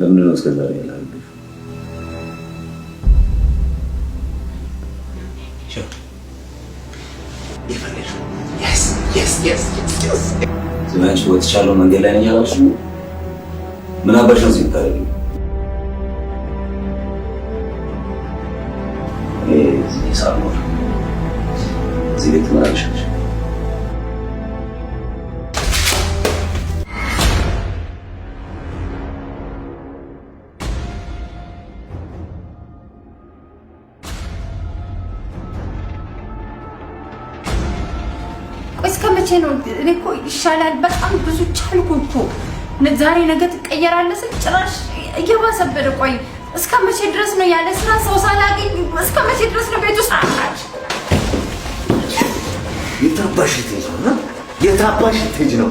ለምንድን ነው እስከዛሬ ያላልኩሽ? ወጥቻለሁ መንገድ ላይ ነኝ አላልሽም? ምን አባሽ ነው ሲታደሉ እዚህ እዚህ ቤት ትመላለሻለሽ መቼ ነው እኔ እኮ ይሻላል በጣም ብዙ ቻልኩ እኮ ዛሬ ነገ ትቀየራለህ ስል ጭራሽ እየባሰበደ ቆይ እስከ መቼ ድረስ ነው ያለ ስራ ሰው ሳላገኝ እስከ መቼ ድረስ ነው ቤት ውስጥ የታባሽ ትሄጂ ነው የታባሽ ትሄጂ ነው